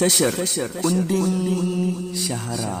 tashar kundin shahara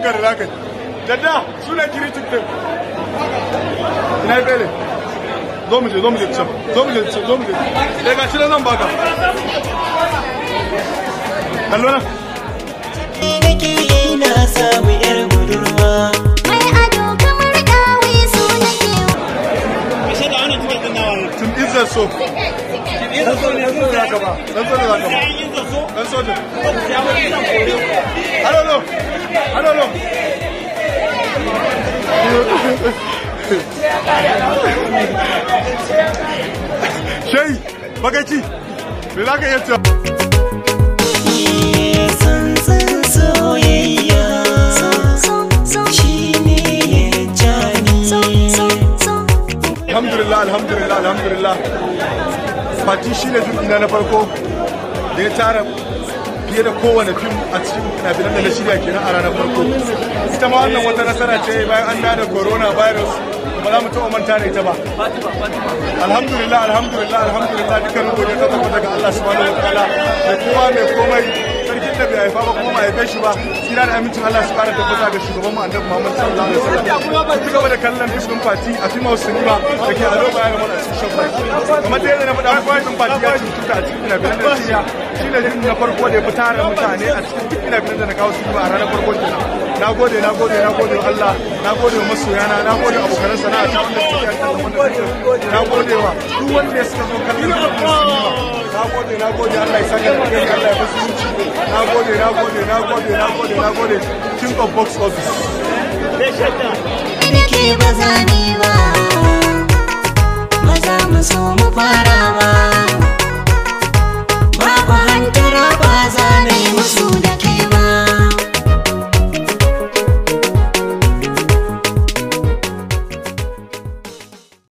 kuka da zaka dadda suna kiritik din ina bele zo mu je zo mu je zo mu je zo mu je da eh, ga shirin nan baka kallo nan kamar tun so 가져가. 왼손으로 가져가. 하나로. 하나로. 쉐이, 바가지. 릴라게 했죠. الحمد لله الحمد لله الحمد لله fati shi ne dukina na farko da ya tara fiye da kowane fim a cikin finafinan da na shirya kenan a ranar farko ita ma wannan wata nasara ce bayan an da corona virus ba za mu taɓa manta da ita ba alhamdulillah alhamdulillah alhamdulillah dukkan godiya ta tabbata ga Allah subhanahu wa ta'ala da kowa mai komai sarkin da bai haifa ba kuma haife shi ba kira da amincin Allah su kara tabbata ga shugaban mu Annabi Muhammad sallallahu alaihi wasallam ci gaba da kallon fishkin fati a Fimau Sinima da ke a ado bayan mana cikin shafai kamar da yadda na faɗa bayan fishkin fati ya cuta a cikin abin da shi ne na farko da ya fi tara mutane a cikin duk ina da na kawo su a ranar farko kenan na gode na gode na gode wa Allah na gode wa masoyana na gode wa abokan sana'a ta na gode wa duk wanda ya suka zo kallon na gode na gode Allah ya saka ka kai Allah ya fasu na gode na gode na gode na gode na gode king of box office Nake ba zani ba, ba za mu so mu fara